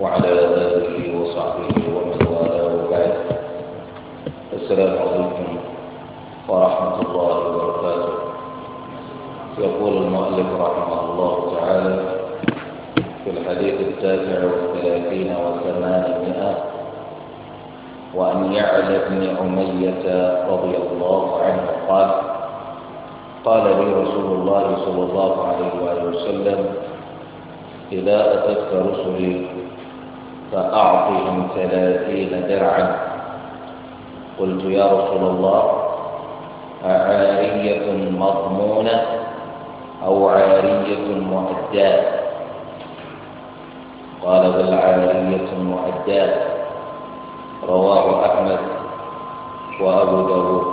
وعلى آله وصحبه ومن والاه السلام عليكم ورحمة الله وبركاته يقول المؤلف رحمه الله تعالى في الحديث التاسع وأن يعلى بن أمية رضي الله عنه قال قال لي رسول الله صلى الله عليه وآله وسلم إذا أتتك رسلي فأعطهم ثلاثين درعا قلت يا رسول الله أعارية مضمونة أو عارية مؤداة قال بل عارية مؤداة رواه أحمد وأبو داود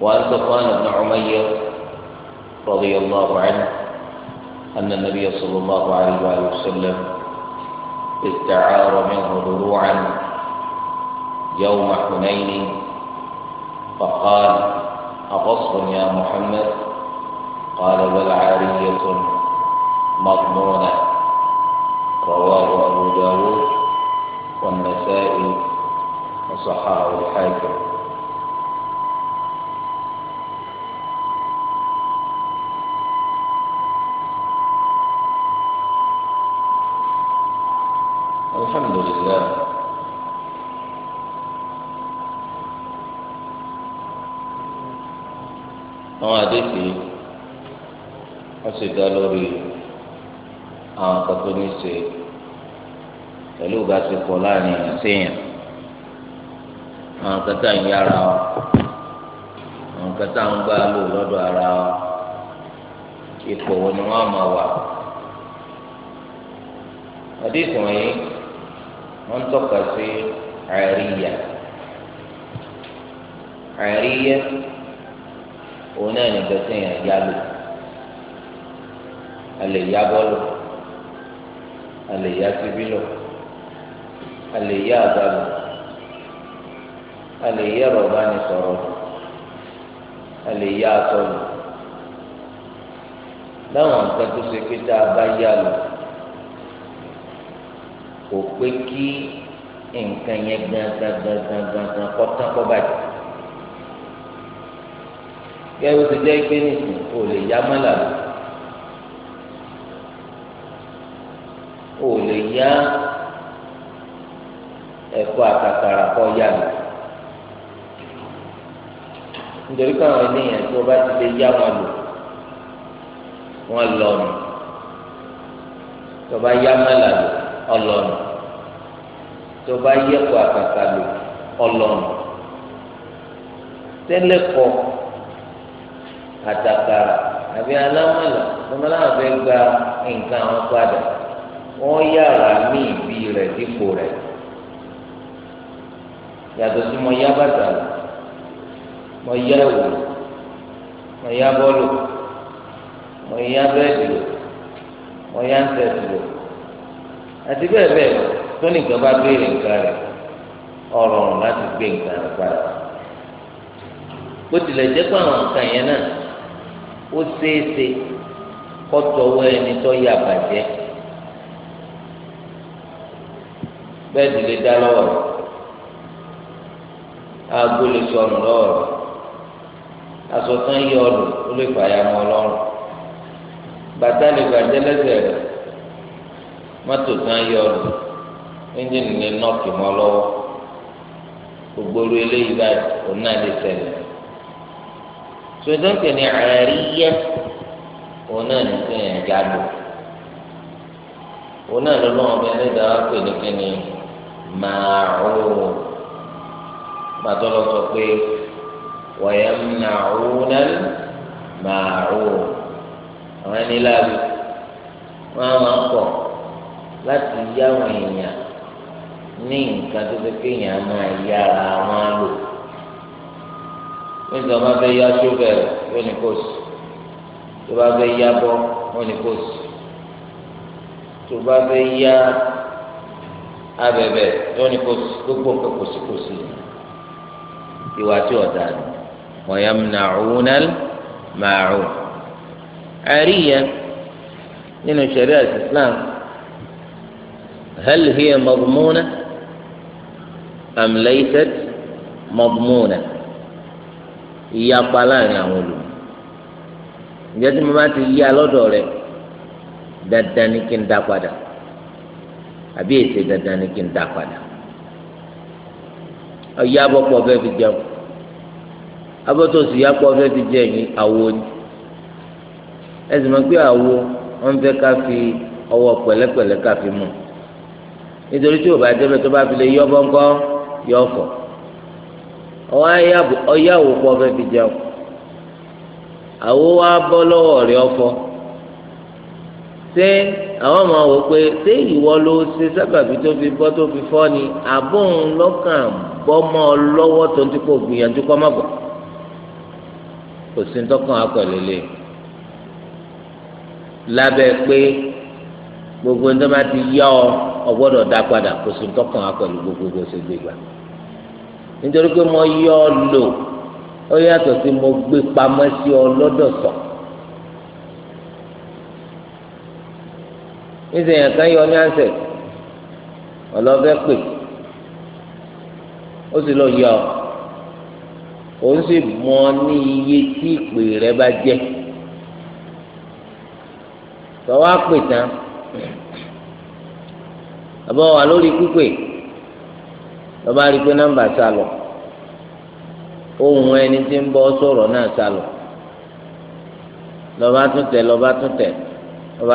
وأن صفوان بن عمير رضي الله عنه أن النبي صلى الله عليه وآله وسلم استعار منه ضلوعا يوم حنين فقال أغصب يا محمد قال بل عارية مضمونة رواه أبو داود والنسائي وصححه الحاكم sì dá lórí àwọn kan tó ní ṣe pẹ̀lú ìbáṣepọ̀ láàrin èèyàn séèyàn àwọn kan tá à ń yára wa àwọn kan tá à ń gbá lò lọ́dọ̀ ara wa ipò wo ni wọ́n máa wà. àdéhùn yìí wọ́n tọ́ka sí àríyá àríyá òun náà nìkan séèyàn yá lò alẹ ya bọlọ alẹ ya sibilọ alẹ ya abalọ alẹ ya rọba ni sọ̀rọ̀ alẹ ya atọlọ láwọn nǹkan tó ṣe pé tá a bá yá lọ kò pé kí nǹkan yẹn gangan kọ́tán kọ́ ti jẹ́ pé kò lè yá mọ́lá lọ. Ya ẹ̀kọ́ akakara k'o yá mi nítorí káwọn ènìyàn tó bá ti lè ya wọn lò wọn lọ nù tó bá yá mẹ́la lò ọlọ́nù tó bá yẹ̀kọ́ àkàkà lò ọlọ́nù tẹ́lẹ̀kọ́ àtàkàrà àbí alámọ̀lá lọ́mọláwọn fẹ́ gba nǹkan wọn padà. wọ́n yàrá mí ìbí rẹ̀ dípò rẹ̀ yàtọ̀ sí mo yá bàtà mo yá ìwò mo yá bọ́ọ̀lù mo yá bẹ́ẹ̀dì mo yá ń àti bẹ́ẹ̀ bẹ́ẹ̀ tó ní ìjọba béèrè nǹkan rẹ̀ ọ̀rọ̀ láti gbé nǹkan rẹ̀ padà bó bẹ́ẹ̀dì lè dá lọ́wọ́ rẹ̀ aago lè yí ó lè fàyà mọ́ ọlọ́run bàtà lè bàjẹ́ lẹ́sẹ̀ rẹ̀ mọ́tò tán yí ọ̀dọ̀ ẹ́ńjìnì lè nọ́ọ̀kì mọ́ lọ́wọ́ gbogbo eléyìí báyìí òun náà lè ni àárí yẹ òun náà ní náà lọ́wọ́ màrún màtọ́lọ́ sọ pé wàyẹ̀mùnàrúnà màrún àwọn ẹni láàbù wọn á máa pọ̀ láti yá àwọn èèyàn ní nǹkan tó ṣe pé èèyàn máa yára wọn lò nígbà wọn bá fẹ́ yá ṣóbẹ̀rù yóò ní kó sùn tó bá fẹ́ yá bọ́ yóò ní kó sùn tó bá fẹ́ yá. abẹ̀bẹ̀ yóò ní gbogbo nǹkan kòsíkòsí ìwà tí ọ̀dà ni wọ́n yà mí nà ọ̀húnẹ́l máa rò. àárí yẹn nínú sẹ̀ríà islam hal hiya madmuna am laysat madmuna ìyapa láàrin àwọn olùmọ̀ ìjẹ́ tí mo bá ti yí alọ́dọ̀ rẹ̀ dandan ni kí n dá padà. àbí ètè dandan ni kí n dá padà ọyá abọ́pọ̀ fẹ́ fi jẹun abọ́tò sì yá pọ̀ fẹ́ fi jẹ ẹ̀yìn àwo ni ẹsìn máa ń pè wọn fẹ́ ká fi ọwọ́ pẹ̀lẹ́pẹ̀lẹ́ ká fi mọ̀ nítorí tí o bá jẹ́ bẹ́ẹ̀ tó bá fi lè yọ bọ́ńkọ́ yọ ọ̀fọ̀ ọwọ́ ọyá àwò pọ̀ fi jẹun àwo wa bọ́ lọ́wọ́ rẹ̀ ọ̀fọ̀ ṣé àwọn ọmọ wò pé ṣé ìwọ ló ṣe sábàbí tó fi bọ́ tó fi fọ́ ni àbóhùn lọ́kàn bọ́mọ lọ́wọ́ tó ń ti kó gbìyànjú kọ́ má bọ̀ kò sí tọkàn akọ̀lélẹ̀ lábẹ́ pé gbogbo ní tọ́ba ti yá ọ ọgbọ́dọ̀ dá padà kò sí tọkàn akọ̀lẹ̀ gbogbo bó ṣe gbégbá nítorí pé mo yọ ọ lò ó yàtọ̀ sí mo gbé pamọ́ sí ọ lọ́dọ̀ sọ̀kọ̀ níṣẹ yẹn kan yọ ní àṣẹ ọlọfẹ pè ó sì lọ yọ ó sì mọ ní iye tí ìpè rẹ bá jẹ tọwọ àpè tán àbọ̀ wà lórí pípé lọ́ba rí pé nọ́mbà sá ohun ẹni tí ń bọ́ sọ̀rọ̀ náà sá lọ́ba tún tẹ̀ lọ́ba tún tẹ̀ lọ́ba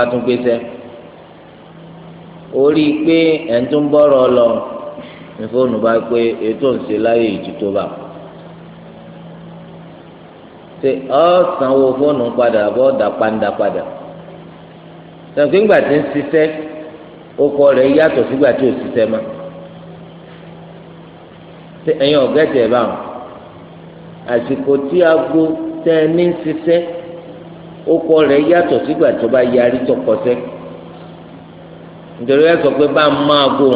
orí pé ẹ̀ ń tún bọ́rọ̀ lọ ní fóònù bá pé ètò ìṣe láyé ìjì tó bá ṣe ọ́ sanwó fóònù padà bọ́ dà pàǹdà padà sọ̀kì ńgbà tí ń ṣiṣẹ́ ó kọ rẹ̀ yàtọ̀ sígbà tí ò ṣiṣẹ́ mọ́ ṣe ẹ̀yin ọ̀gẹ́tì ẹ̀ báwọn àsìkò tí aago tẹ́ ní ń ṣiṣẹ́ ó rẹ̀ yàtọ̀ sígbà tó bá yarí tọkọsẹ́ nítorí ẹ sọ pé bá ń máa go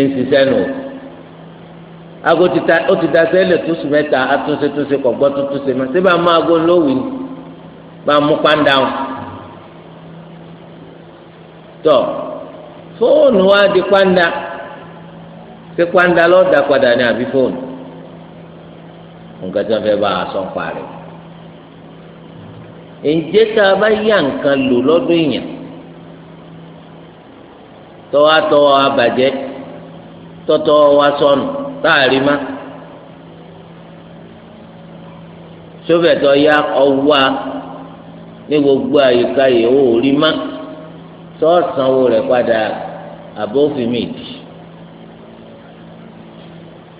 ń ṣiṣẹ́ nù aago ó ti da sẹ́lẹ̀ túnṣe mẹ́ta atúnṣe túnṣe kọ̀gbọ́ túnṣe mọ́ ṣé bá ń máa go lówì bá ń mú pàǹdà wọn. tọ fóònù wa di pàǹdà ṣé pàǹdà lọ́ọ́ da padà ní àbí fóònù nǹkan tí wọ́n fẹ́ bá a sọ ń parí. ǹjẹ́ tá a bá yá nǹkan lò lọ́dún èèyàn tọwọ́ àtọwọ́ abàjẹ́ tọ́tọ́ wa sọnù táàrí má sóbẹ̀tọ̀ ya ọwọ́ ní gbogbo àyíká yìí ó rí má sọ́ọ̀sánwó rẹ̀ padà àbófin méjì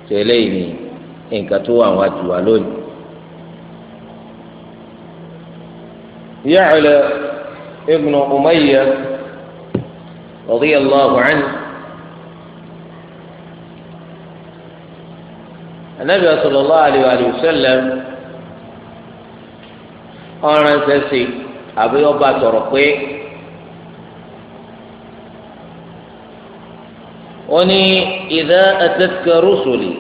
tẹ́lẹ̀ yìí ni nǹkan tó wà wá jù wá lónìí. Ya'la ibn Umayyah. رضي الله عنه النبي صلى الله عليه وآله وسلم أنا سيسي أبي أبا ترقي وني إذا أتتك رسلي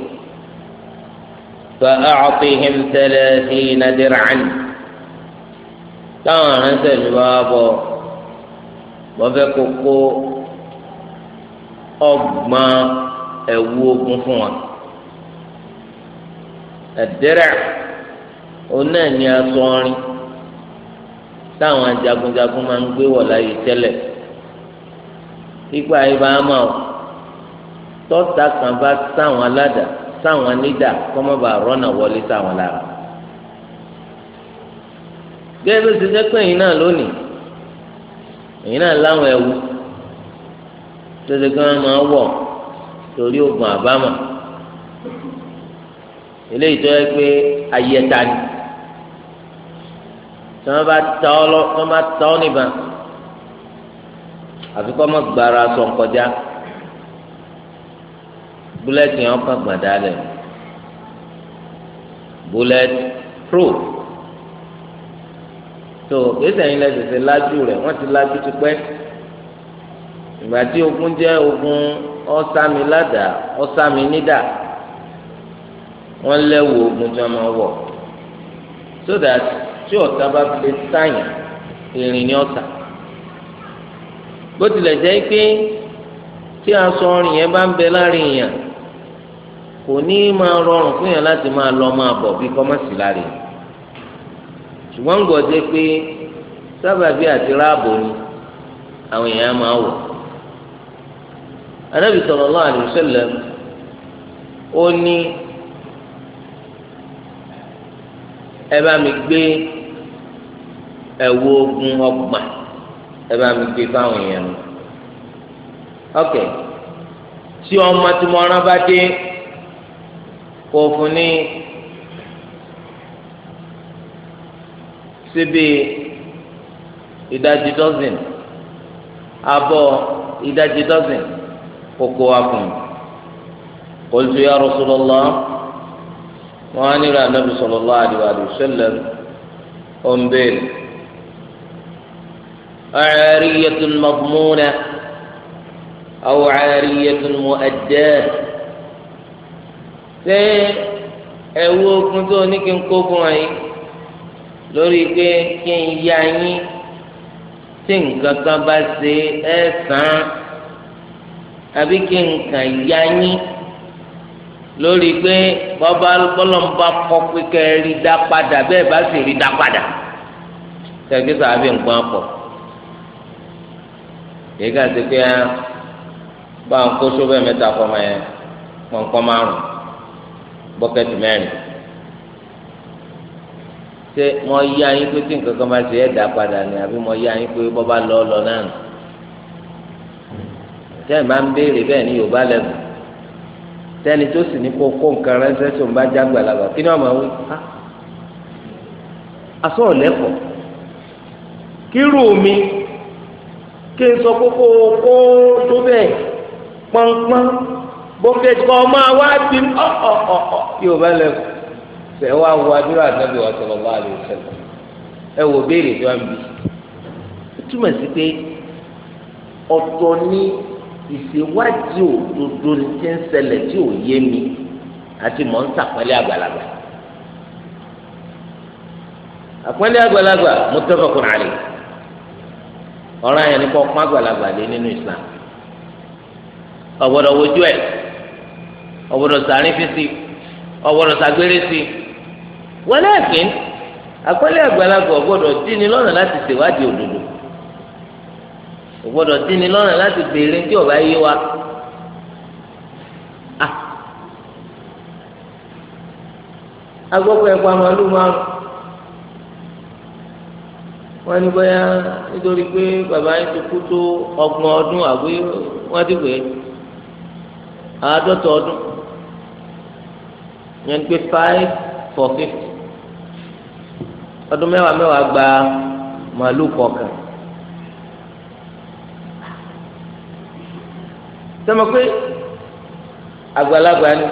فأعطهم ثلاثين درعا كان سيسي بابا ọgbọn ẹ̀wù ogun fún wa ẹ̀dẹ́rẹ́ oná ní aṣọ táwọn jagunjagun máa ń gbé wọ̀ láyé ipa ibà ama o tọ́ta kan bá sáwọn aládà sáwọn nídà kọ́mọ́bà rọ́nà wọlé sáwọn lára gẹ́gẹ́ bí ó ti jẹ́ pé náà lónìí náà láwọn ẹ̀wù. tó ṣe kí wọ́n máa wọ̀ torí oògùn àbámọ̀ eléyìí tó yẹ pé ayẹta ni tí wọ́n bá ta ọ́ lọ wọ́n bá ta ọ́ níbà àfi kọ́ mọ́ gbàrà sọ nkọjá búlẹ́tì yẹn kọ́ gbàdá lẹ̀ bullet proof tó gbèsè yín lẹ́sẹ̀ ṣe lájú rẹ̀ wọ́n ti lájú ti pẹ́ ìgbà tí ogun jẹ́ ogun ọ̀sámi ládàá ọ̀sámi nídà wọ́n lẹ́wọ̀ ogun tí wọ́n máa wọ̀ so that tí ọ̀tá bá fi lè sáyàn ìrìn ní ọ̀tá bó tilẹ̀ jẹ́ pé tí aṣọ ọrìn yẹn bá ń bẹ láàrin yàn kò ní máa rọrùn fún yàn láti máa lọ máa bọ̀ bí kọ́mọ̀sì láàrin ṣùgbọ́n gbọ́ jẹ́ pé sábàbí àti ráàbò ni àwọn èèyàn máa wọ̀ anabi sallallahu alaihi wasallam ó ní ẹ bá mi gbé ẹ̀wù ogun ọgbà ẹ bá mi gbé fáwọn èèyàn mi ok tí ọmọ tí mo rán bá dé kò fún ní síbi ìdajì dọ́sìn abọ́ ìdajì dọ́sìn kókó wa fún un qultu ya Rasulullah wọn á nílò anabi sallallahu alaihi wa sallam ó ń béèrè a'ariyatun madmuna aw 'ariyatun mu'addah ṣé ẹ̀wú okun tó ní kí n kó fún wa yìí ya yín tí nǹkan kan bá ṣe ẹ̀ àbí kí nǹkan ya yín lórí pé bọ́ba bọ́lọ́mùbá kọ́ pé kẹ́ ẹ rí dá padà bẹ́ẹ̀ bá sì rí dá padà tẹ̀gbẹ́ sàbẹ̀ nǹkan pọ̀ èyí kà sí pé bá ń kó sóbẹ̀ mẹ́ta kọ́ mọ́ ẹ pọ̀npọ́n márùn bọ́kẹ́tì mẹ́rin ṣé mo yá yín pé tí nǹkan kan bá ṣe ẹ̀ dá padà ni àbí mo yá yín pé bọ́ba lọ́ọ́ lọ náà nù tẹ́ẹ̀ máa ń béèrè bẹ́ẹ̀ ní yorùbá lẹ́nu tẹ́ni tó sì ní kó kó nǹkan ránṣẹ́ tó ń bá já gbàlagbà kí ni wọ́n máa wí ká aṣọ ọ̀lẹ́kọ̀ọ́ kírú mi kí n sọ kókó kó tó bẹ́ẹ̀ pọ́npọ́n bókèjì kan máa wá bí ọ̀ọ̀ọ̀ọ̀ yorùbá lẹ́nu ṣe wá wo adúrà nàbí wa sọ̀rọ̀ wá àlè ìṣẹ̀lẹ̀ ẹ wò béèrè tó ń bí túmọ̀ sí pé ọ̀tọ̀ ní ìṣèwádìí òdodo ní ti ń ṣẹlẹ̀ tí ò yé mi àti mọ̀ ń sàpẹ́lẹ́ àgbàlagbà àpẹ́lẹ́ àgbàlagbà muttafaqun alayh ọ̀rọ̀ yẹn ni kò pọ́n àgbàlagbà lé nínú Islam ọ̀gbọ́dọ̀ wojú ẹ̀ ọ̀gbọ́dọ̀ sàárín fi si ọ̀gbọ́dọ̀ sàgbére si walakin àpẹ́lẹ́ àgbàlagbà ọ̀gbọ́dọ̀ dín ní lọ́nà láti ṣèwádìí òdodo kò gbọdọ̀ dín ní lọ́nà láti béèrè tí ọba yé wa agbọ́pọ̀ ẹ̀kọ́ àmàlú márùn wọ́n ní bóyá nítorí pé bàbá yín ti kú tó ọgbọ̀n ọdún àbí wọ́n ti pè é àádọ́ta ọdún yẹn pé five for fifty ọdún mẹ́wàá mẹ́wàá gba màálù kọ̀ọ̀kan. sọmọ pé àgbàlagbà ni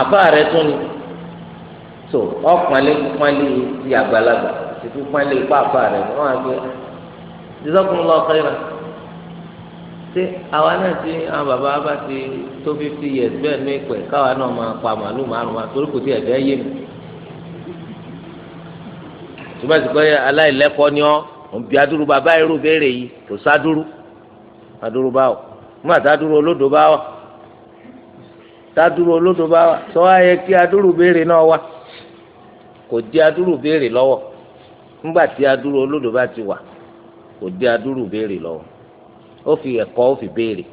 àbá rẹ tún ni tó ọkùnrin kúpánlé ti àgbàlagbà ti kúpánlé ipá àbá rẹ ni wọn á gbé ìdílọkùnrin lọ ọkọ ìrà ṣé àwa náà ti àwọn bàbá bá ti tó fifty years bẹ́ẹ̀ ní ìpẹ́ káwa náà máa pa màálù márùn wa torí kò tí ẹ̀dá yé mi tùmọ̀ sí pé aláìlẹ́kọ̀ọ́ ni ọ́ òun bí adúrú bàbá irú béèrè yìí kò sádúrú adúrú báwò nígbà tá a dúró olódò bá wà tá a dúró olódò bá wà sọ wá yẹ kí adúrú béèrè náà wà kò di adúrú béèrè lọ́wọ́ nígbà tí adúrú olódò bá ti wà kò di adúrú béèrè lọ́wọ́ ó fi ẹ̀kọ́ ó fi béèrè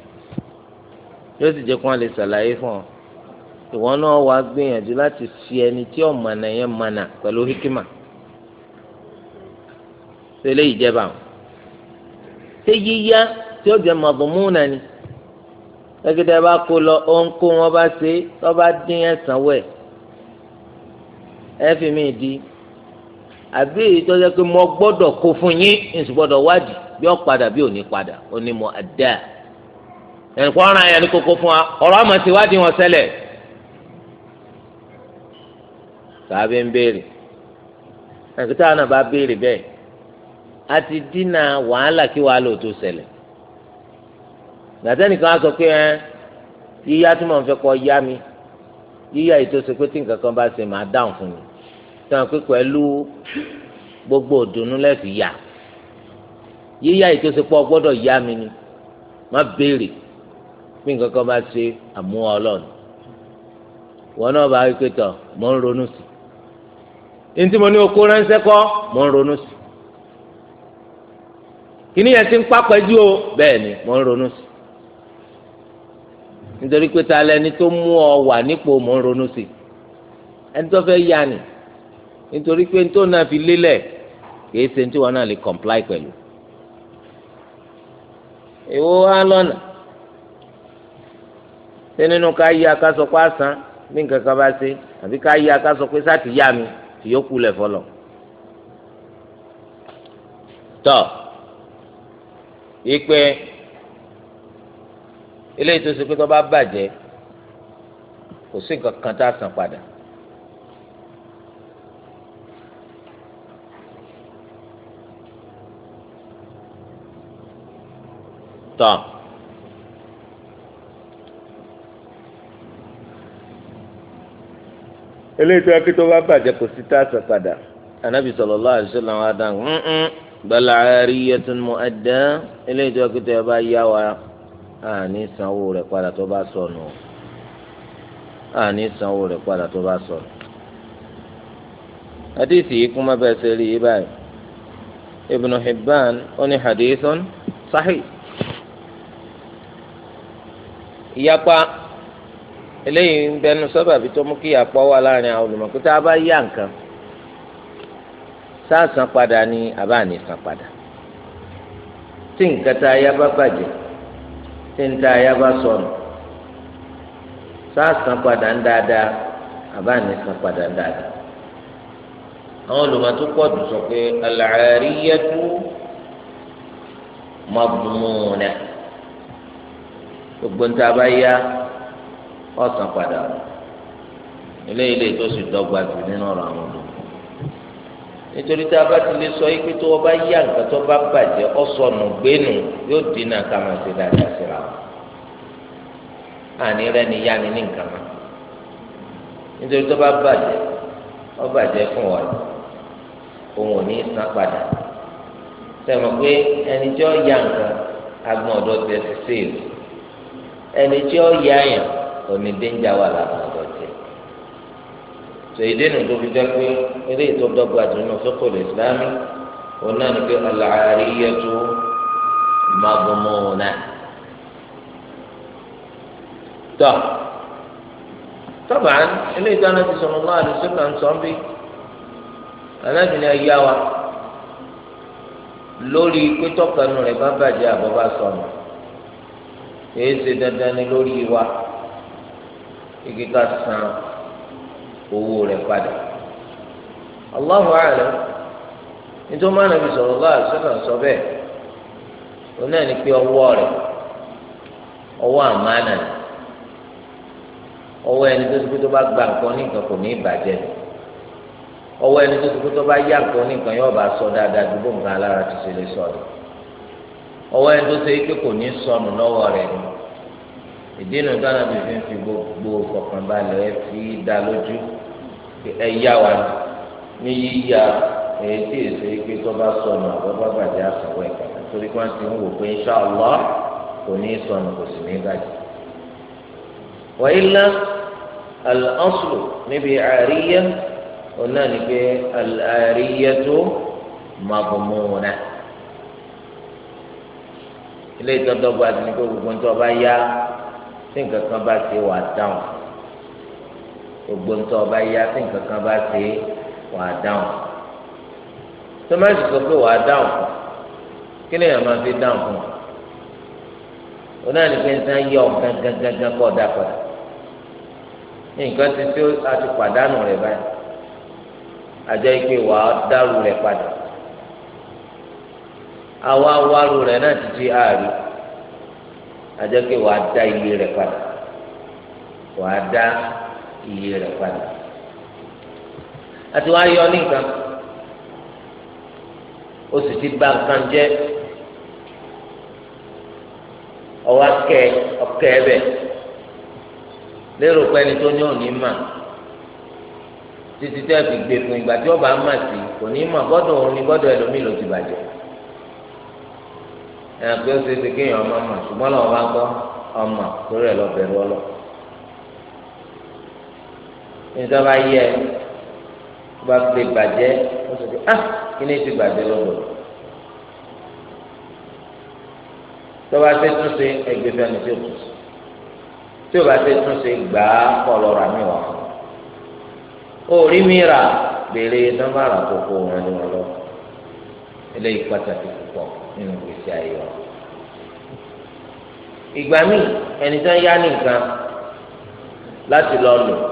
yóò sì jẹ́ kó wọn lè ṣàlàyé fún ọ ìwọ náà wàá gbìyànjú láti fi ẹni tí ò mọ̀nà yẹn mọ̀nà pẹ̀lú hikima ṣe eléyìí jẹ́ báwọn ṣé yíyá tí ó jẹ́ mọ̀gbọ́múnà ni gẹ́gẹ́ bá kó lọ ònkó wọn bá ṣe tó bá dín ẹ̀sán wẹ̀ ẹ fi mí di àbí èyí tó yẹ pé mo gbọ́dọ̀ kó fún yín èsì wádìí bí ó padà bí ò ní padà ó ní mo àdá ẹnìkan ọ̀ràn yẹn ní kókó fún wa ọ̀rọ̀ àmọ̀ sí wádìí wọn ṣẹlẹ̀ tàbí ń béèrè ẹnìkan táwọn náà bá béèrè bẹ́ẹ̀ a ti dínà wàhálà kí wàhálà ò tó ṣẹlẹ̀ gbàtẹ́ nìkan á sọ pé ẹ yíyá tí mò ń fẹ́ kọ́ yá mi yíyá ètò ṣe pé tí nǹkan kan bá ṣe máa dáhùn fún mi sọ pé pẹ̀lú gbogbo òdùnnú lẹ́fì yá yíyá ètò ṣe pọ̀ gbọ́dọ̀ yá mi ni má béèrè bí nǹkan kan bá ṣe àmú ọlọ́run wọn náà bá wípé tọ mò ń ronú sí i ntí mo ní oko ránṣẹ́ kọ́ mò ń ronú sí i kìnìyẹn ti ń pápẹ́ o bẹ́ẹ̀ ni mò ń ronú sí i nítorí pé ta lẹni tó mú ọ wà nípò mò ń ronú sí ẹni tó fẹ́ yá ni nítorí pé tó náà fi lélẹ̀ kìí ṣe tí wọn náà lè comply pẹ̀lú. ìwọ wa lọ́nà ṣé nínú ká yí akásọ pé àsán bí nǹkan kan bá ṣe àbí ká yí akásọ pé sáàtì yá mi fìyókù lẹ̀ fọlọ̀. tọ́ ìpè eléyìí tó ṣe pé tó bá bàjẹ́ kò sí nǹkan kan tá a san padà. tán. eléyìí tó yẹ kí tó bá bàjẹ́ kò sí tá a san padà. anabi sallallahu alaihi wasallam adan bala ariyatun mu'adda eléyìí tó yẹ kí tó yá wa. àní sanwó rẹ̀ padà tó bá sọnù àní sanwó rẹ̀ padà tó bá sọnù. hadith yìí kún má bẹ́ẹ̀ ṣe rí yìí báyìí Ibn Hibban ó ní hadithun sahih. ìyapa eléyìí ń bẹnu sábàbí tó a ní tí tí ń ta ayá bá sọnù sáàsán padà ń dáadáa àbá san padà ń dáadáa àwọn olùmọ̀tò pọ̀ jù sọ pé al-'ariyatu madmuna gbogbo ń bá yá ọ̀sán padà eléyìí lè tó sì dọ́gba jù nínú ọ̀rọ̀ nítorí tá a bá ti lè sọ yìí pé tó o bá yá nǹkan tó bá bàjẹ́ ọ̀sọ̀nù gbénu yóò dínà ká máa ṣe dáadáa síra o àní rẹ ni yá ni ní nǹkan mọ́ nítorí tó bá bàjẹ́ ó bàjẹ́ fún ọ òun ò ní san padà sẹ́wọ̀n pé ẹni tí ó yá nǹkan agbọ̀n ọ̀dọ́ tẹ̀ sí sèlú ẹni tí ó yá yàn òní dénjà wà lábàá sèyidéènù tó fi dẹ́kun eré ìtọ́dọ́gba àdúnnú fẹ́kọ̀ lè islámi wọn náà ní pé alàáríyẹ́tò magomona. tọ́ tọ́ba ilé ìdáná ti sọ̀rọ̀ lọ́wọ́ àdúgbò náà ń sọ bí alábìnrin ayá wa lórí pétọ́kanu rẹ̀ bá bàjẹ́ àbọ̀bá sọnù èé ṣe dandan ni lórí wa igi ká san. owó rẹ̀ padà Allahu a'lam nítorí máa nàbí sallallahu alaihi wasallam sọ bẹ́ẹ̀ òun náà ní pé ọwọ rẹ̀ ọwọ́ àmánà ni ọwọ́ ẹni tó ti kú tó gba nǹkan ní kò ní ọwọ́ ẹni tó ti kú tó bá yá nǹkan ní yóò bá sọ dáadáa dúró nǹkan alára ti ṣe ọwọ́ ẹni ni ìdí inú dáná bìí fi fi dá ẹ̀yà wa ní yíya èyí tí èso ike tó bá sọnù àbọ̀ bá bàjẹ́ àsọ̀wọ́ ẹ̀ka torí kí wọ́n ti ń wò pé insha Allah kò ní sọnù kò sì ní bàjẹ́. wa illa al-aslu níbi àríyá òun náà ni pé àríyá tó màbùmùnà ilé ìtọ́dọ́gba ti ní pé gbogbo ní tó yá tí nǹkan kan bá ti wà dáhùn. gbogbo ń ọba yá tí nǹkan kan bá ṣe wà á dáhùn tó má sì sọ pé wà á dáhùn fún kí ni èèyàn máa yọ kọ́ ọ̀dà padà nǹkan ti a ti pàdánù rẹ̀ báyìí àjọ ìpè wà á dárú rẹ̀ padà àwa wárú rẹ̀ náà ti di àárí àjọ ìpè wà á dá ilé rẹ̀ padà wà á iye rẹ̀ padà àti wá yọ ní nǹkan ó sì ti bà nǹkan lérò pé ẹni tó ní òní mà títí fi gbé fún ìgbà tí ọba mà sí kò ní mà gbọ́dọ̀ òun ni gbọ́dọ̀ ẹlòmíì ló ti bàjẹ́ ẹ̀ pé ó ṣe é ṣe kéèyàn ọmọ mà ṣùgbọ́n bá gbọ́ ọmọ lọ níta bá yẹ tó bá lè bàjẹ́ ó sì pé ah kí ni ti bàjẹ́ lọ́dọ̀ tó bá ṣe túnṣe ẹgbẹ́ fẹ́ni tó tù tí ó bá ṣe túnṣe gbà á kọ́ lọ́ra mi wà fún un ó rí mi rà béèrè nọ́mbà rà kókó wọn ni wọn lọ eléyìí pàtàkì púpọ̀ nínú ìgbésí ayé ìgbà míì ẹni yá nìkan láti lọ lò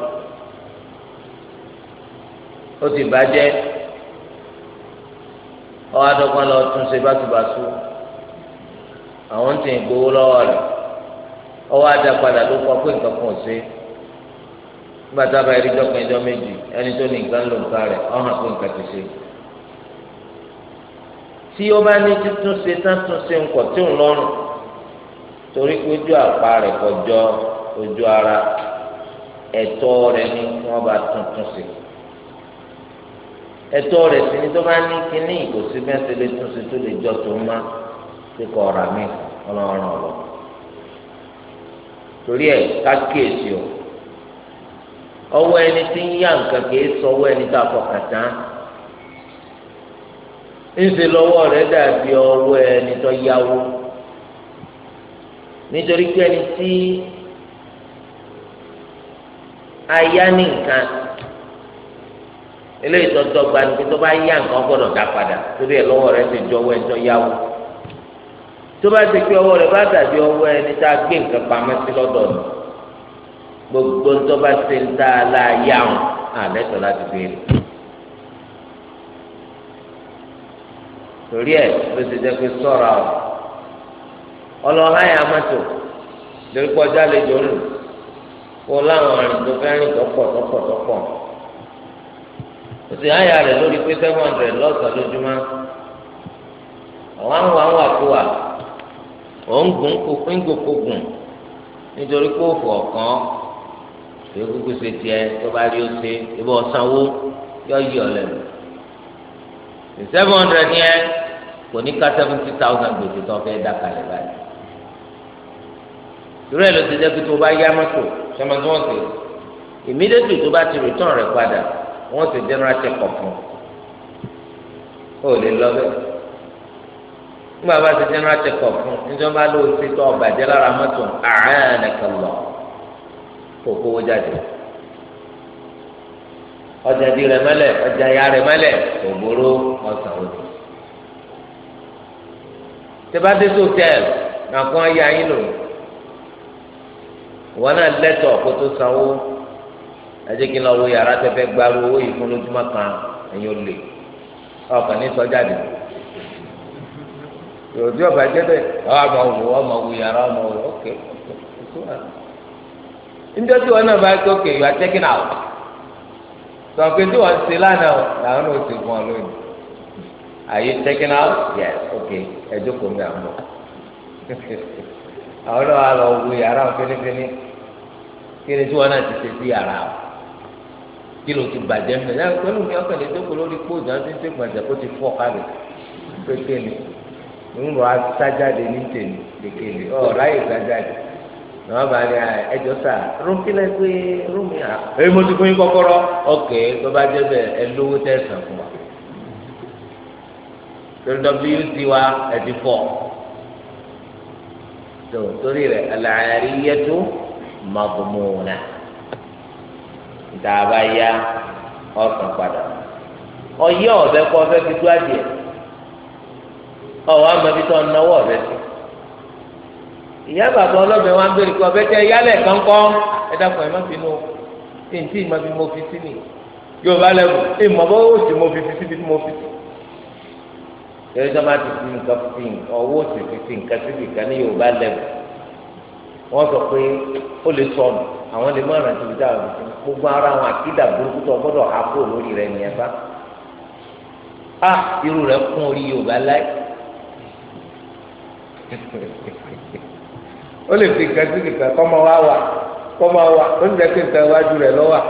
ó ti bàjẹ́ ọwọ́ adọ́gbọ́n lọ tún ṣe bátúbàtú àwọn ń tì ń gbowó lọ́wọ́ rẹ̀ ọwọ́ adá padà ló kọ́ pé nǹkan kan ò ṣe nígbà tá a bá rí dọ́kun ẹjọ́ méjì ẹni tó ní nǹkan ló ń ká rẹ̀ ọ̀hún àpò nǹkan ti ṣe. tí ó bá ní títún ṣe tán tún ṣe nǹkan tí ò ń lọ́rùn torí pé ojú àpá rẹ̀ kọjọ ojú ara ẹ̀tọ́ rẹ̀ ni wọ́n bá tuntun ṣe. ẹ̀tọ́ rẹ̀ sì ni tó bá ní kíní ìkòsí mẹsẹ lè tún sí tó lè jọ tó má sí kọ ọ̀rà mi Ọlọ́run ọlọ torí o ọwọ́ ẹni tí ń yá nǹkan kìí sọ ọwọ́ ẹni tó àfọkàn ńṣe lọ́wọ́ rẹ̀ dàbí ọwọ́ ẹni tó yáwó nítorí eléyìí tó dọ́gba ni tó bá yá nǹkan gbọ́dọ̀ dá padà torí ẹ̀ lọ́wọ́ rẹ̀ ti jọ ọwọ́ ẹ̀ tó yáwó tó bá ti pé ọwọ́ rẹ̀ bá dàbí ọwọ́ ẹni tá a gbé nǹkan pamọ́ sí lọ́dọ̀ nù gbogbo ń tó bá ṣe ń tá a la yá wọn àlẹ́tọ̀ láti béèrè e. torí ẹ̀ ló ti jẹ́ pé sọ̀ra ọ̀ ọlọ́láyà mọ́tò lórí pọ́jà lè jọ lù kó láwọn àrùn tó fẹ́ rìn tọ́pọ̀ tọ́pọ̀ tọ́pọ̀ òsì àyà rẹ̀ lórí pé seven hundred lọ́sàn-án lójúmọ́ àwọn àwọn àwọn àkúwà òun gùn ń gòkó gùn nítorí pé òfò ọ̀kan èyí kúkú ṣe tiẹ̀ tó bá rí ó ṣe ibà ọ̀sánwó yọ yí ọ lẹ́nu seven hundred yẹn kò ní ká seventy thousand gbèsè tó fẹ́ dá kalẹ̀ báyìí ìrẹ́ ló ti jẹ́ pé tó bá yá mọ́tò sọmọdé wọn kiri tó bá ti return rẹ̀ padà wọ́n sì general check up fún ó lè lọ bẹ́ẹ̀ nígbà bá ti general check up fún níjọba ló ti tọ́ ọ̀bàjẹ́ lára mọ́tò àánẹ̀kẹ́ lọ kó kówó jáde ọjà di rẹ mẹlẹ ọjà ya rẹ mẹlẹ ògbóró ọsàn òdì tẹbàdé sọtẹẹlì nàkó ayé ayé lò wọn náà lẹ́tọ̀ọ́ kó sanwó ẹjẹ kí n lọ wo yàrá tẹ fẹ́ gbaru owó yìí fún lójúmọ́ kan ẹ̀yin ò lè ọkàn ní sọjá dì òbí ọba jẹ bẹ ọmọ wò ọmọ wò yàrá ọmọ wò ok njẹ tí wọn náà bá tó kéwì àtẹkìn náà sọ pé tí wọn ṣe lánàá làwọn náà ti fún ọ lónìí àyè tẹkìn náà yẹ ok ẹjọ kò ní àmọ àwọn náà wà lọ wò yàrá fínífíní kí ni tí wọn náà ti ṣe sí yàrá o kí ló ti bàjẹ́ mẹ́ yá pẹ̀lú mi ọ̀kẹ́lẹ́ tó kọ lórí kóòtù àti ṣé gbàjẹ́ kó ti fọ́ kalẹ̀ pékélé ń lọ sájáde ní tèmi pékélé ọ̀ ráyè sájáde náà bá rí ẹjọ́ sà rúkílẹ̀ pé rúmi à èyí mo ti fún yín kọ́kọ́rọ́ ọ̀kẹ́ tó bá jẹ́ bẹ́ẹ̀ ẹ lówó tẹ̀sán fún wa torí wc wa ẹ ti fọ́ torí rẹ̀ àlàyé yẹtu màgbọ́mọ́ náà dàbá ya ọ̀sán padà ọyẹ ọ̀bẹ kọ ọ̀fẹ́ fi tó adìẹ ọwọ́ amẹbi tó ọnáwó ọ̀bẹ tó ìyá bàbá ọlọ́bẹ wa ń bèrè kí ọ̀bẹ tẹ yálẹ̀ kankọ́ ẹ dákun ẹ má fi nù tìǹtì má fi mo fi sí ni yóò bá lẹ́wọ̀ ẹ mọ̀ bọ́ òsì mo fi fi síbi tí mo fi sí tẹ̀lé tó máa ti fi nǹkan fi ọwọ́ sì fi nǹkan síbi kan ní Yorùbá lẹ́wọ̀ wọ́n sọ pé ó lè sọnù àwọn lè má rántí ibi táwọn ti gbogbo ara àwọn àkídà burúkú tó gbọ́dọ̀ ha kó lórí rẹ nìyẹn bá a irú rẹ kún orí yorùbá láì ó lè fi nǹkan sí nìkan kọ́ máa wá wà kọ́ máa wà ó ń jẹ́ pé nǹkan iwájú rẹ̀ lọ́wà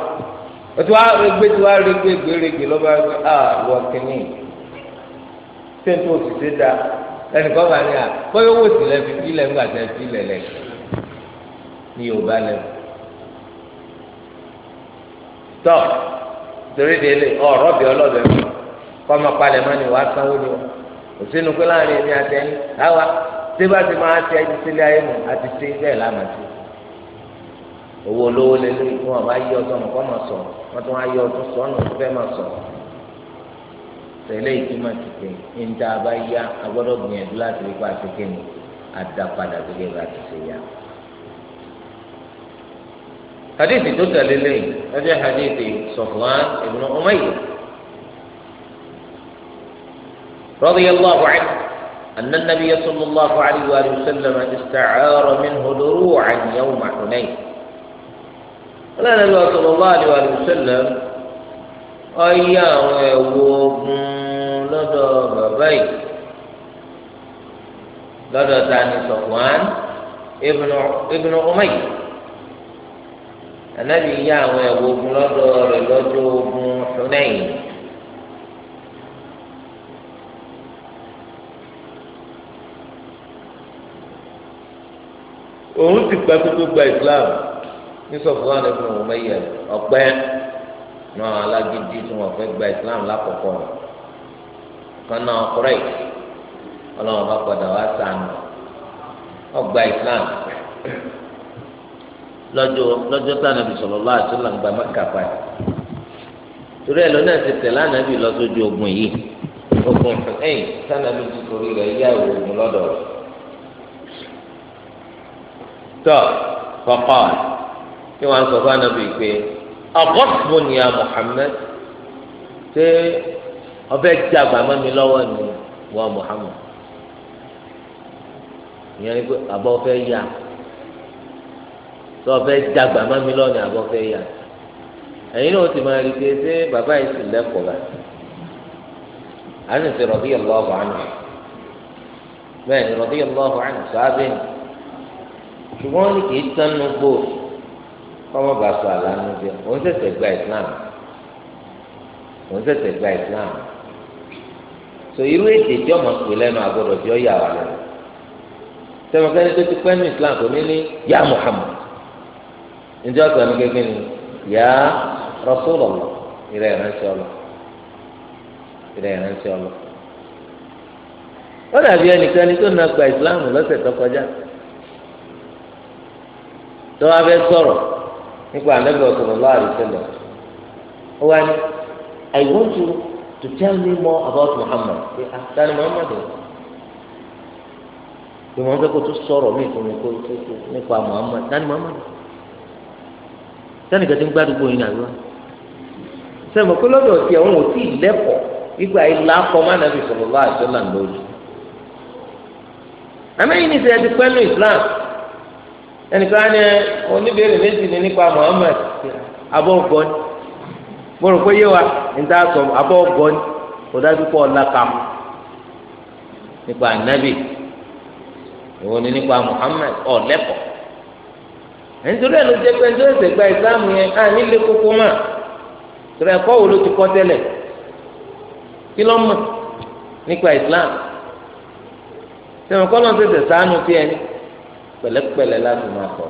ó ti wá gbé ti wá régbé gbérégbé lọ́ba a wọ kínní ṣé n tó o sì ṣe dá ẹnìkan bá ní à bóyá owó sílẹ̀ fi sílẹ̀ ńgbà tẹ̀ sílẹ̀ lẹ̀ ní yorùbá lẹ́nu. tọ́ torí délé ọ̀rọ̀ bí ọlọ́dẹ kọ́mọ palẹ̀ mọ́ ni wàá sanwó ni wọ́n òsínú pé láàrin èmi àwa tí bá ti máa ti ẹni sílé ayé mu àti ti owó olówó lélẹ́ kí wọ́n bá yí ọtọ́ nù kọ́ mọ̀ sọ̀ tún wá yí ọtún sọ́nù tó fẹ́ mọ̀ sọ̀ bá yá gbìyànjú láti ṣe yá. hadithi tó tẹ̀lé lẹ́yìn حديث صفوان بن أمية رضي الله عنه أن النبي صلى الله عليه وآله وسلم استعار منه دروعا يوم حنين قال النبي صلى الله عليه وآله وسلم أيام ويوب لدى بابي لدى ثاني صفوان ابن ابن أمية anabi yá àwọn ẹ̀wọ̀ ogun lọ́dọ̀ rẹ̀ lọ́jọ́ ogun Hunayn. òun ti pẹ́ kótó gba Islam ní sọfúnwá ní fún ọmọ yẹ ọpẹ náà alágídí tí wọ́n fẹ́ gba Islam lákòókò kan ọkùnrin Ọlọ́run bá padà wá sànù ọgbà Islam lọ́jọ́ lọ́jọ́ tá ànábì sallallahu alaihi wasallam gba Mẹ́kà padà torí ẹ̀ lọ́nà ti tẹ̀lé ànábì lọ sójú ogun yìí ogun ẹ̀yìn tànàbì ti torí rẹ̀ yá ìwò ogun lọ́dọ̀ rẹ̀ tọ́ kọ́kọ́ kí wọ́n sọ fún ànábì pé ọ̀gọ́sùn ni a Muhammad ṣé ọbẹ̀ jàgbá mọ́ mi lọ́wọ́ ni wọ́n Muhammad ìyẹn ni pé àbọ̀ fẹ́ yá tó o fẹ́ dàgbà má mi lọ́ọ̀nì àbọ̀ fẹ́ yà ẹ̀yin náà ti máa rí i pé ṣé bàbá yìí sì lẹ́kọ̀ọ́ rẹ̀ àánú ti rọ̀bí ọlọ́ọ̀bù àánú bẹ́ẹ̀ ni rọ̀bí ọlọ́ọ̀bù àánú sáábẹ́ ni ṣùgbọ́n ní kì í tánu gbò kọ́mọ bá sọ àlànà jẹ òun ṣẹ̀ṣẹ̀ gba Islam òun ṣẹ̀ṣẹ̀ gba Islam so irú èdè tí ọmọ pè lẹ́nu àgọ́dọ̀ tí ó yà wà lẹ́nu sẹ́wọ̀n kẹ́ni tó ti pẹ́ ní Islam kò ní ní yá Muhammad njẹ́ ọ̀sẹ̀ mi kékeré ni yá Rasulullah ìrẹ̀ ìránṣẹ́ ọlọ ìrẹ̀ ìránṣẹ́ ọlọ. ó dàbí ẹnìkan ni tó na gba ìsìláàmù lọ́sẹ̀ tó kọjá tó wá fẹ́ sọ̀rọ̀ nípa ànábì sallallahu alaihi wasallam ó wá ní I want you to tell me more about Muhammad ṣe àtàlẹ́ ah, Muhammad rẹ̀ bí wọ́n fẹ́ kó tó sọ̀rọ̀ mí fún mi kó tó nípa Muhammad dání Muhammad rẹ̀ sẹ́nìkan ti ń gbádùgbò yín àgbà sẹ́mi pé lọ́dọ̀ tí àwọn ò tí ì lẹ́kọ̀ọ́ wípé àyè làákọ́ má nàbì sọ̀rọ̀ bá àjọlá lórí. àmẹ́yìn ní sẹ́yìn ti pẹ́lú Islam ẹnìkan á ní oníbèrè méjì ní nípa Muhammad abọ́ ọgbọ́n ni mo rò pé yé wa níta sọ abọ́ ọgbọ́n ni kò dájú pé ọ̀la kà mọ́ nípa ànábì ìwọ ni nípa Muhammad ọ̀ lẹ́kọ̀ọ́ nítorí ẹ̀ ló jẹ́ pé nítorí ẹ̀sẹ̀ gba ìsáàmù yẹn á nílé kókó mà tẹ̀lé ẹ̀kọ́ wo ló ti kọ́ tẹ́lẹ̀ kí ló mọ̀ nípa Islam tẹ̀wọ̀n kọ́ ló ń tẹ̀sẹ̀ sánú tí ẹ ní pẹ̀lẹ́pẹ̀lẹ́ láti máa sọ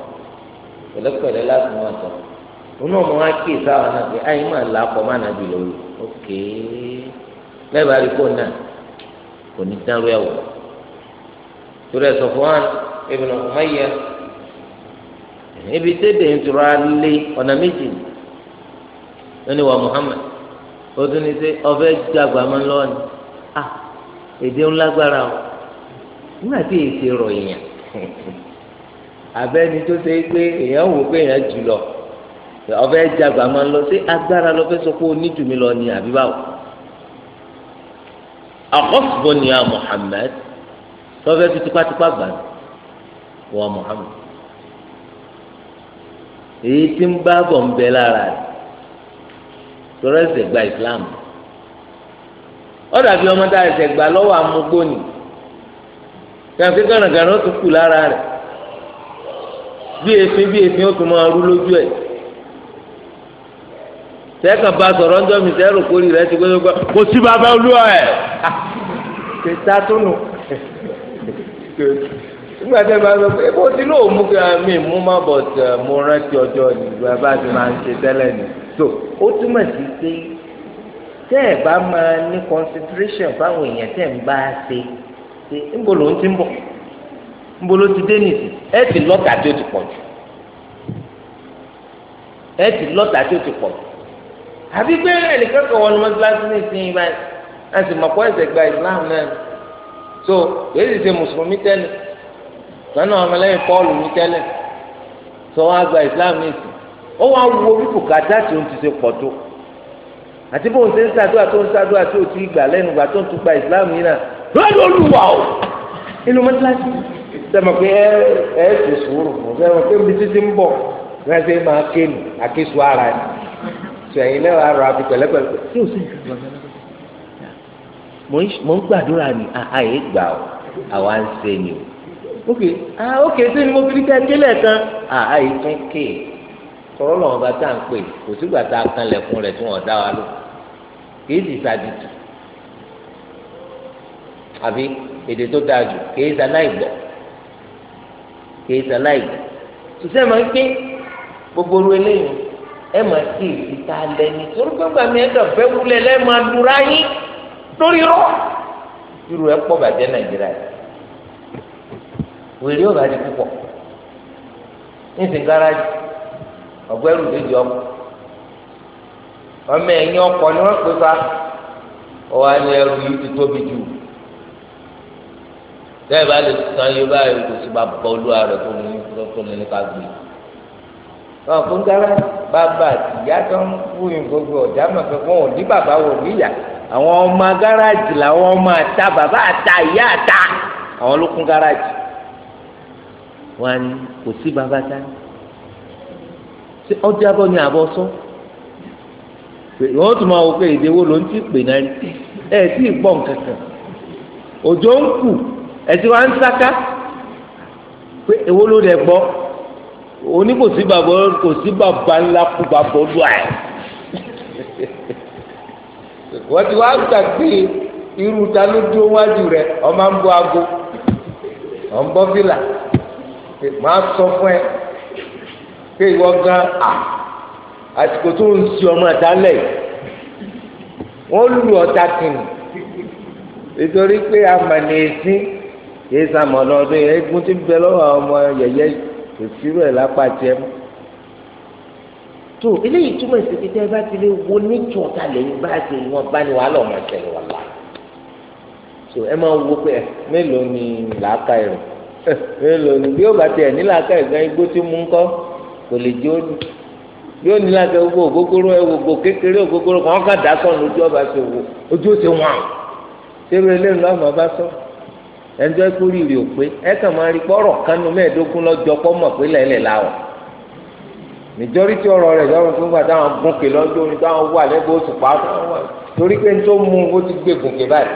pẹ̀lẹ́pẹ̀lẹ́ láti máa sọ òun náà mo wá kí ìsáwọn náà pé àyìn máa là pọ̀ máa nàbì lórí ok lẹ́bàá rí fóònù náà kò ní dárú ẹ̀ torí ẹ̀ fún wa Ibn Umayyah ibi tẹ́tẹ̀ ń tura lé ọ̀nà méjì lónìí wa Muhammad ó tún ní sẹ́ ọ̀fẹ́ jàgbá máa ń lọ́wọ́ ni à èdè ńlágbára o nígbà tí èsì rọ̀ èèyàn abẹ́ni tó ṣe é pé èèyàn wò pé èèyàn jù lọ ọ̀fẹ́ jàgbá máa ń lọ sí agbára lọ́fẹ́ sọ pé oníjùmí lọ ni àbí báwo. àkọ́sùbọ̀ ni a Muhammad lọ́fẹ́ fi tipátipá gbà wọ́n Muhammad èyí tí ń bá bọ̀ ń bẹ lára rẹ̀ tọ́lá ẹsẹ̀ gba islam ó dàbí ọmọ tá ẹsẹ̀ gba lọ́wọ́ amúgbóni kàn kí gànàgànà ó tún kù lára rẹ̀ bí èéfín bí èéfín ó tún máa rú lójú ẹ̀ sẹ́kàn bá sọ̀rọ̀ ńjọ́ mi sẹ́rù kórì rẹ̀ ti gbé gbé kò sí bàbá olúwa ẹ̀ ṣe tá tó nù. nígbà tí ẹ bá sọ pé bó ti lóò mú kí mi mú má bọ̀ tẹ̀ mo rántí ọjọ́ ìgbà bá ti máa ń ṣe tẹ́lẹ̀ ni so ó túmọ̀ sí pé tẹ́ ẹ bá máa ní concentration fáwọn èèyàn tẹ́ ẹ ń bá a ṣe ṣe níbo ló ń ti ń bọ̀ níbo ló ti dé nìsí ẹ ti lọ́tà tí ó ti pọ̀ jù ẹ ti lọ́tà tí ó ti pọ̀ jù àbí pé ẹnìkan kan wọn ni wọ́n ti láti ní ìsinyìí báyìí láti mọ̀ pọ́ ẹ̀sẹ̀ gba ìsìláàmù náà so èyí ti ṣe mùsùlùmí tẹ́lẹ̀. ọ̀kan náà ọmọlẹ́yìn Pọ́ọ̀lù ní tẹ́lẹ̀ tó wá gba Islam nìsín ó wá wo bí bùkátà tí ó ti ṣe pọ̀ tó àti bóun ṣe ń ṣàdúrà tó ń ṣàdúrà tó ti gbà lẹ́nu gbà tó ń tún gba Islam yìí náà lọ́dọ̀ olùwà o inú mọ́tíláṣí pé ẹ ẹ ti sùúrù fún pé mi títí ń bọ̀ wọ́n ṣe máa ké ara ẹ̀ pẹ̀lẹ́pẹ̀lẹ́ tí ò gbà ọ àwa ń ṣe ni o. ok ah ok ṣé ni mo fi tẹ kílẹ̀ kan àá ìtún kè tọ́rọ́ lọ́wọ́ bá tá à ń pè kò sígbà tá a kan lẹ̀kùn rẹ̀ tí wọ́n dá wa lò kìí sì ṣàdìtì àbí èdè tó dáa jù kìí ṣaláìgbọ̀ kìí ṣaláìgbọ̀ ṣiṣẹ́ máa ń pé gbogbo oru eléyìí ẹ máa kí ìta lẹ́ni torí gbọ́ngbà mi ẹ̀dọ̀ bẹ́ẹ̀ wúlẹ̀ lẹ́ẹ̀ máa dúró ayé lórí rọ́ irú ẹ̀ pọ̀ bàjẹ́ nàìjíríà yìí wèrè ò bá di púpọ̀ nísìnyí gáràjì ọ̀gbẹ́rù lójú ọkọ̀ ọmọ ẹ̀yìn ọkọ̀ ni wọ́n pè fa ọwọ́ àni ẹrù yìí ti tóbi jù bẹ́ẹ̀ bá lè san yóò báyìí kò sí bàbá olúwa rẹ̀ tó ní tó ní ká gbé wọn kò ń gara bàbá àtìyá tó ń wúyìn gbogbo ọ̀dà mọ̀fẹ́ fún òní bàbá wò níyà àwọn ọmọ gáràjì làwọn ọmọ àta bàbá àta ìyá àta àwọn ló kún gáràjì wọn á ní kò sí bàbá tá ṣé ọjọ́ abọ́ ni àbọ̀ sọ wọ́n tún máa wọ pé èdè wo ló ń ti pè náà ẹ̀ sì gbọ́ nǹkan kan òjò ń kù ẹ̀sìn wa ń sáká pé èwo ló dẹ̀ gbọ́ òní kò sí bàbá kò sí bàbá ńlá kú bàbá ọdún àyè wọ́n ti wá gbàgbé irú ta ló dúró wájú rẹ̀ ọmọ ń bọ́ aago ọ̀ ń bọ́ fìlà pé màá sọ fún ẹ pé ìwọ gan à àsìkò tó ń si ọmọ àdálẹ̀ wọ́n lù ọ̀tá kìnnì nítorí pé amànì èsì yéé sàmọ̀ lọ́dún yẹn egun ti bẹ lọ́wọ́ ọmọ yẹ̀yẹ́ ìṣirò ẹ̀ lápá tiẹ̀ mọ́ tó eléyìí túmọ̀ sí pé tẹ́ bá ti lè wo níjọ́ ta lẹ́yìn bá ti wọ́n bá ní wàhálà ọmọ ìṣẹ̀lẹ̀ wà láàyè tó ẹ máa wo pé mélòó ni làákà ẹ̀rùn èlò ni bí ó bá tiẹ̀ nílàkà ẹ̀gán igbó tí mú ńkọ́ kò lè jó ni bí ó nílàkà gbogbo ògógóró ẹ gbogbo kékeré ògógóró kan ká dá sọ̀nù ojú ọba ṣe wò ojú ó ti wọ̀n ṣéwé eléyìí lọ́mọ bá sọ ẹnjọ́ ikú rírì ò pé ẹ kàn máa rí pọ́rọ̀ kánú mẹ́ẹ̀ẹ́dógún lọ́jọ́ pọ́ mọ̀ pé lẹ́lẹ̀ láwọ̀ majority ọ̀rọ̀ rẹ̀ lọ́rùn fún gbà táwọn gòkè lọ́jọ́ orin táwọn wà lẹ́gbẹ̀ẹ́ oṣù pàápàá torí pé ń tó mú un ó ti gbé gòkè báyìí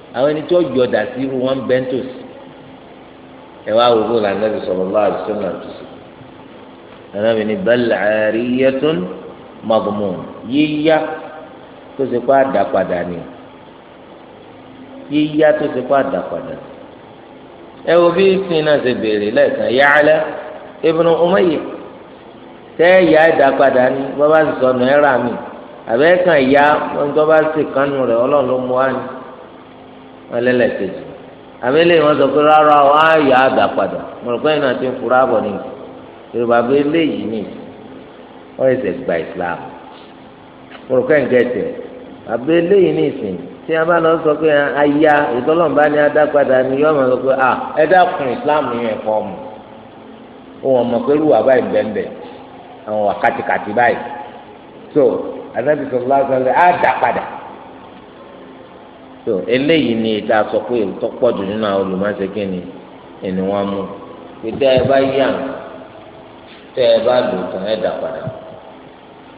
àwọn ẹni tí wọ́n yọ ọ̀dà sí irú wọn bẹ́ẹ̀ tòsí ẹ wá wò ó là nàbì sallallahu alaihi wasallam tòsí nàbì ní bal ariyatun madmun yíyá tó ṣe kó àdàpadà ni yíyá tó ṣe kó àdàpadà ẹ wo bí sin náà ṣe béèrè lẹ́ẹ̀kan Ya'la ibn Umayyah tẹ́ ìyá ìdàpadà ni bọ́ bá sì ẹ̀ rà mí àbẹ́ẹ̀kan ìyá wọn tó bá sì kánú rẹ̀ ọlọ́run ló mú wá ni wọn lẹlẹ kejì àmẹlẹ wọn sọ pé rárá wọn á yà á dà padà mọlùkọ́ yìí náà ti ń fura bọ̀ ní yorùbá pé eléyìí ni wọn ẹsẹ̀ gba islam mọlùkọ́ yìí gẹ̀ẹ́tẹ̀ àbẹ eléyìí ní ìsìn tí a bá lọ sọ pé aya ìtọ́lọ́mùbá ni adá padà ni yọ ọmọ sọ pé à ẹ dákun islam yẹn kọ́ ọmọ òun ọmọ pẹ̀lú àbá ìbẹ̀ǹbẹ̀ àwọn wà kàtìkàtì báyìí so anabi sọlá sọlá so eléyìí ni ìta sọ pé ètò pọ̀jù nínú àwọn olùmọ̀ọ́sẹ́kẹ́ ni ẹni wọn mú ìdá ẹ bá yí àná tẹ ẹ bá lò tán ẹ dà padà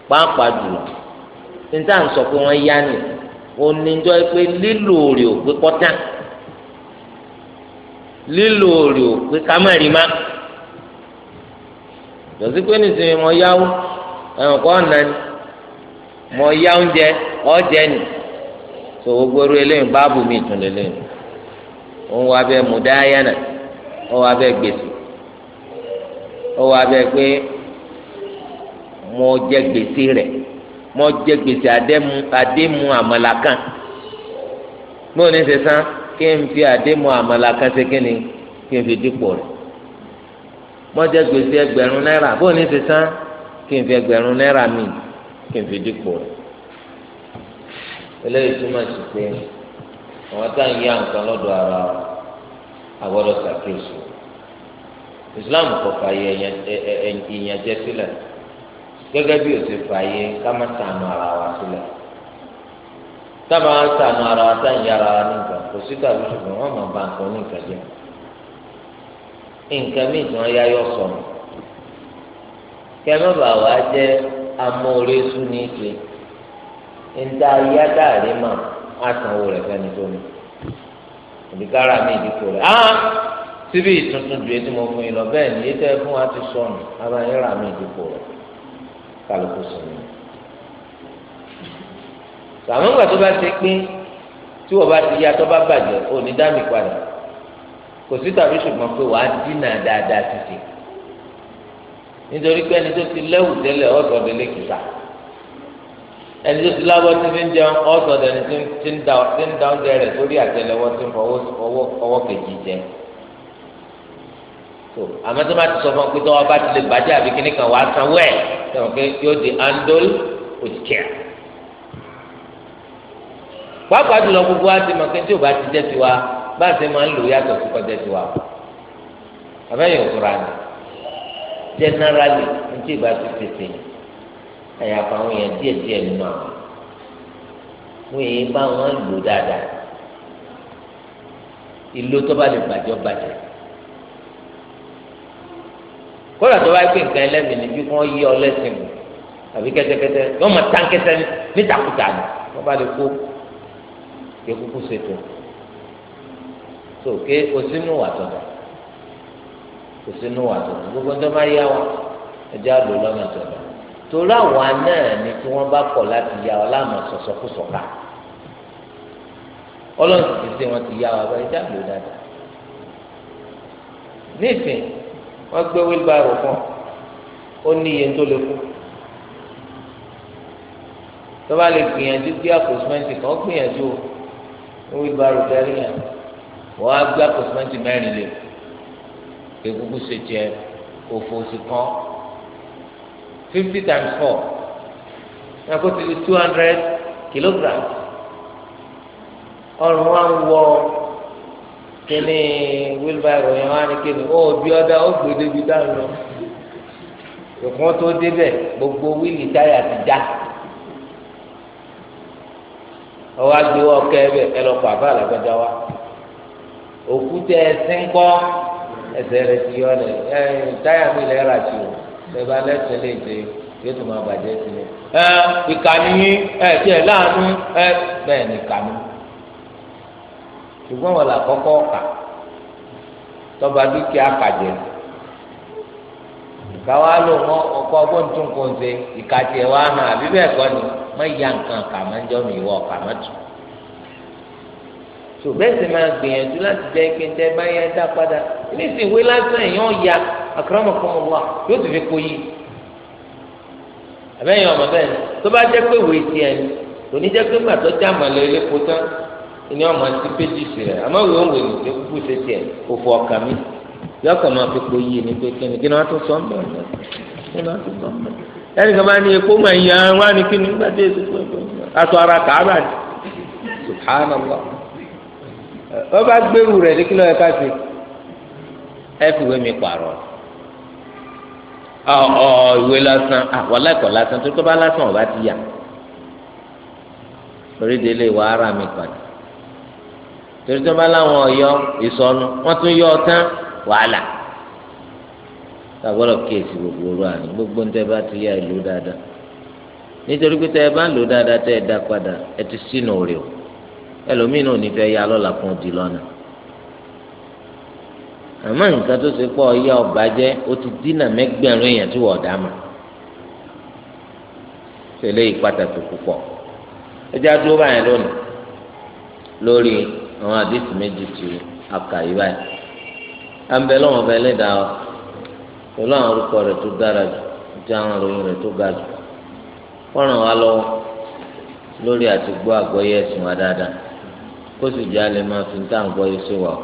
pàápàá jùlọ níta ń sọ pé wọ́n yá ni oníjọ́ pé lílò rè ò pé kọ́tà lílò rè ò pé kámẹ́rì má lọ́sí pé nísìnyí mo yáwó ẹ̀wọ̀n kọ́ ọ̀nà ni mo yá oúnjẹ ọ̀jẹ̀ ni so gbogbo orí eléyìí báàbù mi tún lélẹ́yìn òun wà bẹ́ẹ̀ mùdáyánà ó wà bẹ́ẹ̀ gbèsè ó wà bẹ́ẹ̀ pé mo jẹ gbèsè rẹ̀ mo jẹ gbèsè àdému àmàlà kan gbọ́n ní ṣe kí n fi àdému àmàlà ṣe kí ni kí n fi dípò rẹ̀ mo jẹ gbèsè ẹgbẹ̀rún náírà gbọ́n ní ṣe kí n fi ẹgbẹ̀rún náírà mi kí n fi dípò rẹ̀ eléyìí túmọ̀ sí pé àwọn tá à ń yá nǹkan lọ́dọ̀ ara Islam kò fààyè ìyànjẹ sílẹ̀ gẹ́gẹ́ bí ó fààyè ká má ara wa sílẹ̀ tábà ń ara wa táyà ara wa nìkan kò sí tàbí ṣùgbọ́n wọ́n máa ba nǹkan nìkan jẹ́ nǹkan míì tí wọ́n yá yọ sọ̀rọ̀ wa jẹ́ amóore sún ní níta yá dáàrí mà á sanwó rẹ̀ fẹ́ni tó ní ìdíkára mi ìdíkò rẹ̀ Ah, síbi ìtuntun ju etí mo fún yín lọ bẹ́ẹ̀ ni yé tẹ́ fún wa ti sọnù abayẹ́rà mi ìdíkò rẹ̀ kálukú sọnù sàmúgbà tó bá ti pín tí wọ́n bá ti ya tó bá bàjẹ́ ò ní dá mi padà kò sí tàbí ṣùgbọ́n pé wàá dínà dáadáa títì nítorí pé ẹni tó ti lẹ́wù tẹ́lẹ̀ ọ̀sọ̀ délé kìsà ẹni tó ti lábọ́ tí fi ń jẹun ọ̀sọ̀dọ̀ ẹni tí ń da tí ń da oúnjẹ rẹ̀ sórí àtẹlẹwọ́ tí ń fọwọ́ fọwọ́ fọwọ́ kejì jẹ. tó àmọ́ tó bá ti sọ fún ọ pé tọ́wọ́ bá ti lè bàjẹ́ àbí kíní kan wàá sanwó ẹ̀ sọ̀rọ̀ pé yóò di andol òjìkíà. pàápàá jùlọ gbogbo wa ti mọ̀ pé tí ò bá ti jẹ́ tiwa bá a ṣe máa ń lò yàtọ̀ sí kọjá tiwa. àbẹ́yẹ̀ òkúra ni generally ní tí ì àyàfà àwọn èèyàn díẹ̀ díẹ̀ nínú àwọn wọn èyí bá wọn lò dáadáa ìlú tó bá lè bàjẹ́ bàjẹ́ kódà tó bá gbé nǹkan ẹlẹ́mìí níbi kí wọ́n yí ọ lẹ́sìn mọ́ àbí kẹ́tẹ́kẹ́tẹ́ yọ́n mọ̀ tán kẹ́tẹ́ nítakùtà ni wọ́n bá lè kó kékuku ṣètò sókè òsínú wà tọ̀dọ̀ òsínú wà tọ̀dọ̀ gbogbo tó bá yá wa ẹjẹ́ àlò lọ́nà tọ̀dọ̀ torí àwa náà ni tí wọ́n bá kọ̀ láti yá ọ láàmú sọ̀sọ́kùsọ̀ka ọlọ́run sì ti ṣe wọn ti yá wa báyìí dáàbò dáadáa nísìn wọ́n gbé wheelbarrow kan ó ní iye tó lè kú tó bá lè gbìyànjú bí àpò sìmẹ́ǹtì kan ó gbìyànjú ó wheelbarrow tẹ́lẹ̀ yẹn wọ́n á gbé àpò sìmẹ́ǹtì mẹ́rin lè kó egungun ṣe jẹ òfò sí kan fifty times four náà kó ti di two hundred kilograms ọrùn wa ń wọ kíní wheelbarrow yẹn wá ní kíni ó bí ọdá ó gbé débi dáhùn lọ ìkún tó débẹ̀ gbogbo wíìlì táyà ti já ọwọ́ agbéwọ ọkẹ ẹbẹ ẹ lọ kọ àbá àlàgbàjá wa òkúta ẹsìn kọ ẹsẹ̀ rẹ̀ ti yọ ọ lẹ ẹ táyà mi lẹ rà sí o tẹ̀bá lẹ́sẹ̀ lè dé yóò tún máa bàjẹ́ sí ni. ẹ ìkànnì yín ẹ tí ẹ láàánú ẹ bẹ́ẹ̀ ni ìkànnì. ṣùgbọ́n wọn là kọ́kọ́ kà tọba dúkìá kàjẹ́ káwá ló mọ ọkọ ọgbọ́n tún kò ń ṣe ìkàtì ẹ̀ wá hàn àbí bẹ́ẹ̀ kọ́ ni má ya nǹkan kà má ń jọ́ mi ìwọ kà má tù. ṣùgbọ́n ẹ̀sìn máa gbìyànjú láti jẹ́ kí n tẹ́ bá dá padà nísìnyí wí lásán èèyàn ya akramakumullah yóò tún fi kó yìí àbẹ́yìn ọmọ bẹ́ẹ̀ ni tó bá pé ni kò ní jẹ́ pé gbàtọ́ já màlẹ́ eléko ni ọmọ ti péjì sí rẹ̀ àmọ́ ìwé òwe ni kúkú ṣe tiẹ̀ òfò ọ̀kà mi fi kó yìí ni pé kíni kí ni wọ́n tún sọ ń bẹ̀ ọ́ kí ni ma ni nígbà tí èso subhanallah ní fi ọ ìwé lásán wàhálà ẹ̀kọ́ lásán tó tó bá lásán ọba ti yà torí délé wàá ara mi padà torí tó bá láwọn ọyọ ìsọnù wọn tún yọ ọtán wàhálà tàbọ̀lọ̀ kéèsì gbogbo ọ̀rọ̀ àná gbogbo ń tẹ́ bá ti yá ìlú dáadáa nítorí pé tẹ́ ẹ bá ń lò dáadáa tẹ́ ẹ dá padà ẹ ti sínú rẹ̀ o ẹlòmíín ò ní fẹ́ yá lọ́la fún ọdí lọ́nà àmọ́ nǹkan tó ṣe pọ̀ ya ọba jẹ́ ó ti dínà mẹ́gbẹ̀rún èèyàn tí wọ́n dá mà tẹ́lẹ̀ yìí púpọ̀ ẹ jẹ́ àdúró lónìí lórí àwọn àdéhùn méjì tí àkàyè báyìí à ń bẹ lọ́wọ́ ọba wa pẹ̀lú àwọn orúkọ rẹ̀ tó dára jù àti àwọn ìròyìn rẹ̀ tó ga jù wọ́n ràn wá lọ́wọ́ lórí àti gbọ́ àgbọ́yé ẹ̀sìn wa dáadáa kó sì jẹ́ alẹ́ máa fi ń tà gbọ́ yé sí wa o.